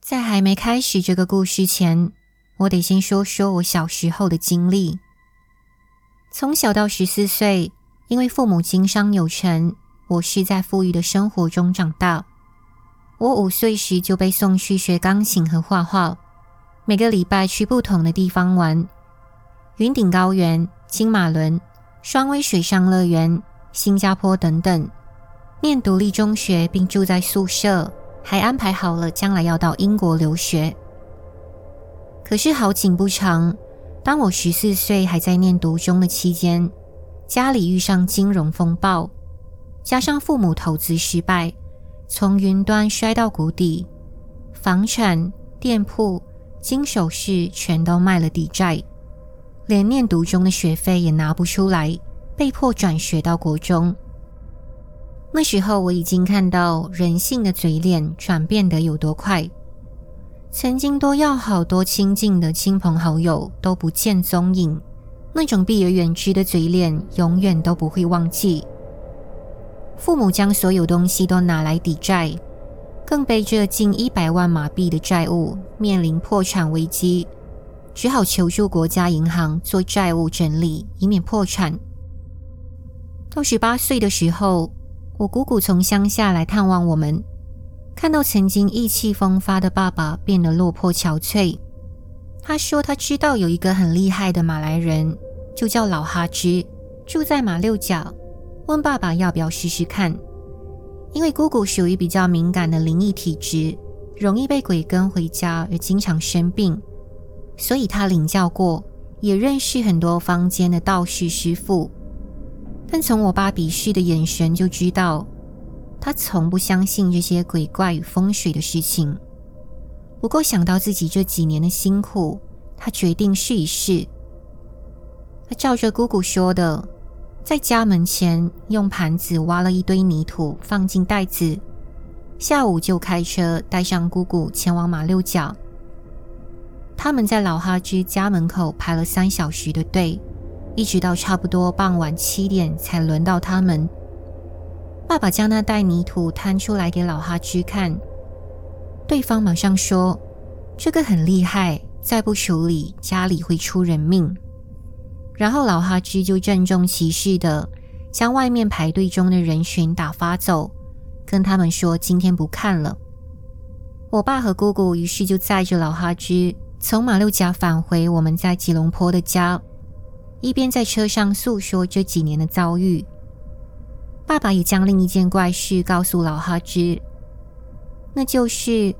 在還沒開始這個故事前，我得先說說我小時候的經歷。從小到十四歲，因為父母經商有成，我是在富裕的生活中長大。我五歲時就被送去學鋼琴和畫畫，每個禮拜去不同的地方玩：雲頂高原、金馬崙、雙威水上樂園。新加坡等等、念獨立中學，並住在宿舍，還安排好了將來要到英國留學。可是好景不長，當我十四歲還在念獨中的期間，家裡遇上金融風暴，加上父母投資失敗，從雲端摔到谷底，房產、店鋪、金首飾全都賣了抵債，連念獨中的學費也拿不出來。被迫轉學到國中，那時候我已經看到人性的嘴臉轉變得有多快。曾經多要好、多親近的親朋好友都不見蹤影，那種避而遠之的嘴臉永遠都不會忘記。父母將所有東西都拿來抵債，更背着近一百萬馬幣的債務，面臨破產危機，只好求助國家銀行做債務整理，以免破產。到十八歲的時候，我姑姑從鄉下來探望我們，看到曾經意氣風發的爸爸變得落魄憔悴。他說他知道有一個很厲害的馬來人，就叫老哈芝，住在馬六甲，問爸爸要不要試試看。因為姑姑屬於比較敏感的靈異體質，容易被鬼跟回家，而經常生病，所以她領教過，也認識很多坊間的道士師傅。但從我爸鄙視的眼神就知道，他從不相信這些鬼怪與風水的事情。不過想到自己這幾年的辛苦，他決定試一試。他照着姑姑說的，在家門前用盤子挖了一堆泥土，放進袋子。下午就開車帶上姑姑前往馬六甲。他們在老哈芝家門口排了三小時的隊。一直到差不多傍晚七點，才輪到他們。爸爸將那袋泥土攤出來給老哈芝看，對方馬上說：“這個很厲害，再不處理，家裡會出人命。”然後老哈芝就鄭重其事地將外面排隊中的人群打發走，跟他們說：“今天不看了。”我爸和姑姑於是就載着老哈芝從馬六甲返回我們在吉隆坡的家。一邊在車上訴說這幾年的遭遇，爸爸也將另一件怪事告訴老哈芝，那就是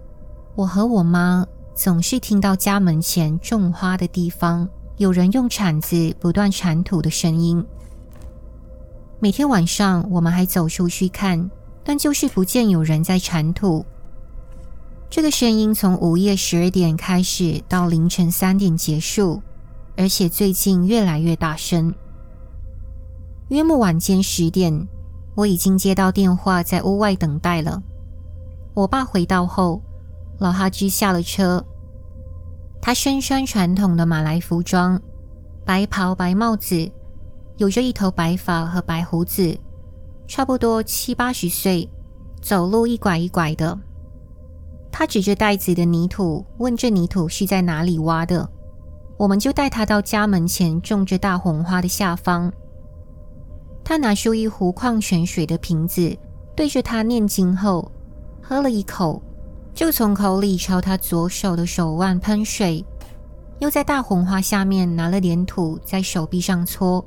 我和我媽總是聽到家門前種花的地方有人用鏟子不斷鏟土的聲音。每天晚上我們還走出去看，但就是不見有人在鏟土。這個聲音從午夜十二點開始，到凌晨三點結束。而且最近越來越大聲。約莫晚間十點，我已經接到電話，在屋外等待了。我爸回到後，老哈芝下了車。他身穿傳統的馬來服裝，白袍、白帽子，有着一頭白髮和白胡子，差不多七八十歲，走路一拐一拐的。他指着袋子的泥土，問：“這泥土是在哪裡挖的？”我們就帶他到家門前種着大紅花的下方。他拿出一壺礦泉水的瓶子，對着他念經後，喝了一口，就從口裡朝他左手的手腕噴水，又在大紅花下面拿了點土在手臂上搓。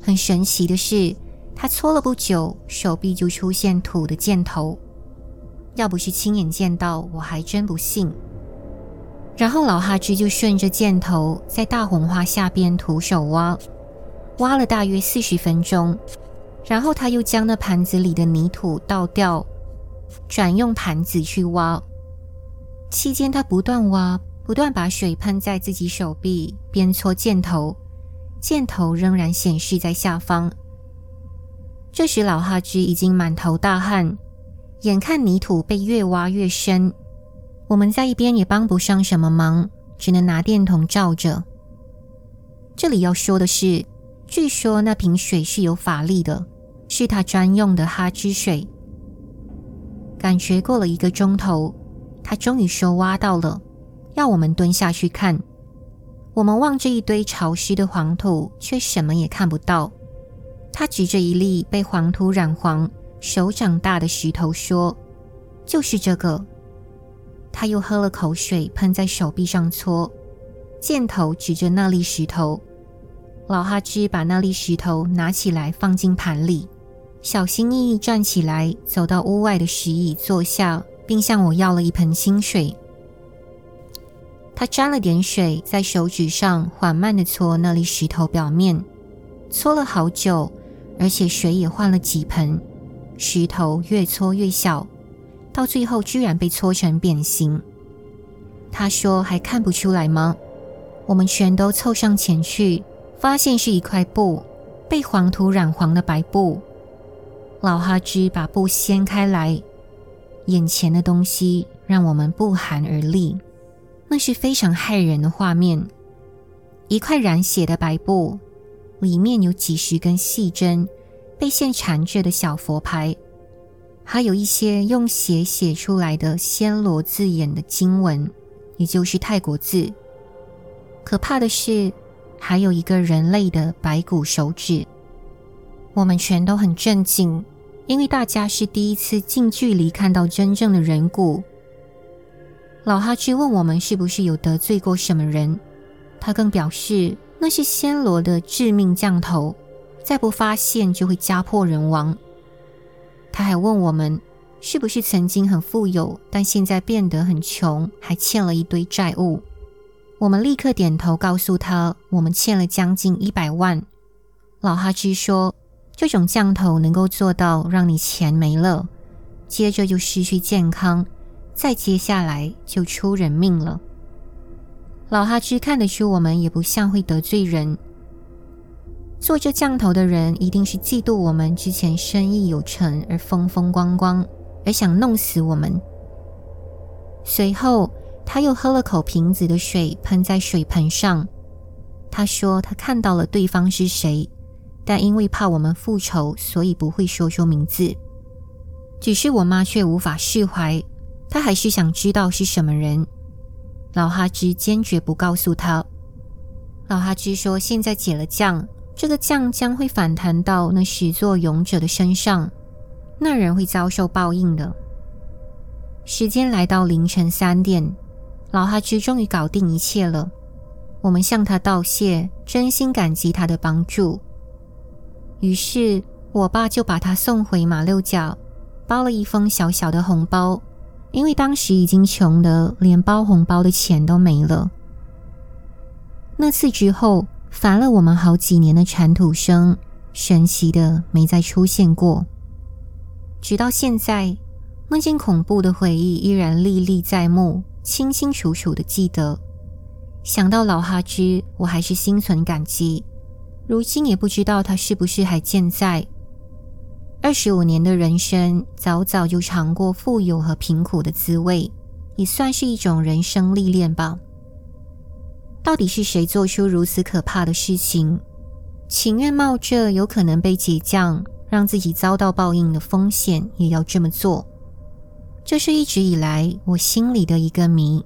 很神奇的是，他搓了不久，手臂就出現土的箭頭。要不是親眼見到，我還真不信。然後老哈芝就順着箭頭在大紅花下邊徒手挖，挖了大約四十分鐘。然後他又將那盤子裡的泥土倒掉，轉用盤子去挖。期間他不斷挖，不斷把水噴在自己手臂邊搓箭頭，箭頭仍然顯示在下方。這時老哈芝已經滿頭大汗，眼看泥土被越挖越深。我們在一邊也幫不上什麼忙，只能拿電筒照着。這裡要說的是，據說那瓶水是有法力的，是他專用的哈之水。感覺過了一個鐘頭，他終於說挖到了，要我們蹲下去看。我們望着一堆潮濕的黃土，卻什麼也看不到。他舉着一粒被黃土染黃、手掌大的石頭說：“就是這個。”他又喝了口水，噴在手臂上搓。箭頭指着那粒石頭。老哈芝把那粒石頭拿起來放進盤裡，小心翼翼站起來，走到屋外的石椅坐下，並向我要了一盆清水。他沾了點水，在手指上緩慢地搓那粒石頭表面，搓了好久，而且水也換了幾盆。石頭越搓越小。到最後，居然被搓成扁形。他說：“還看不出來嗎？”我們全都湊上前去，發現是一塊布，被黃土染黃的白布。老哈芝把布掀開來，眼前的東西讓我們不寒而慄。那是非常駭人的畫面：一塊染血的白布，裡面有幾十根細針，被線纏着的小佛牌。還有一些用血寫出來的暹羅字眼的經文，也就是泰國字。可怕的是，還有一個人類的白骨手指。我們全都很震驚，因為大家是第一次近距離看到真正的人骨。老哈去問我們是不是有得罪過什麼人，他更表示，那是暹羅的致命降頭，再不發現就會家破人亡。他還問我們是不是曾經很富有，但現在變得很窮，還欠了一堆債務。我們立刻點頭，告訴他我們欠了將近一百萬。老哈芝說：“這種降頭能夠做到讓你錢沒了，接着就失去健康，再接下來就出人命了。”老哈芝看得出我們也不像會得罪人。做這降頭的人一定是嫉妒我們之前生意有成而風風光光，而想弄死我們。隨後，他又喝了口瓶子的水，噴在水盆上。他說他看到了對方是誰，但因為怕我們復仇，所以不會說出名字。只是我媽卻無法釋懷，她還是想知道是什麼人。老哈芝堅決不告訴她。老哈芝說現在解了降。這個降將，將會反彈到那始作俑者的身上，那人會遭受報應的。時間來到凌晨三點，老哈之終於搞定一切了。我們向他道謝，真心感激他的幫助。於是，我爸就把他送回馬六甲，包了一封小小的紅包，因為當時已經窮得連包紅包的錢都沒了。那次之後。煩了我們好幾年的鏟土聲，神奇的沒再出現過。直到現在，夢見恐怖的回憶依然歷歷在目，清清楚楚的記得。想到老哈芝，我還是心存感激。如今也不知道他是不是還健在。二十五年的人生，早早就嘗過富有和貧苦的滋味，也算是一種人生歷練吧。到底是誰做出如此可怕的事情？情願冒着有可能被解降，讓自己遭到報應的風險，也要這麼做。這是一直以來我心裡的一個謎。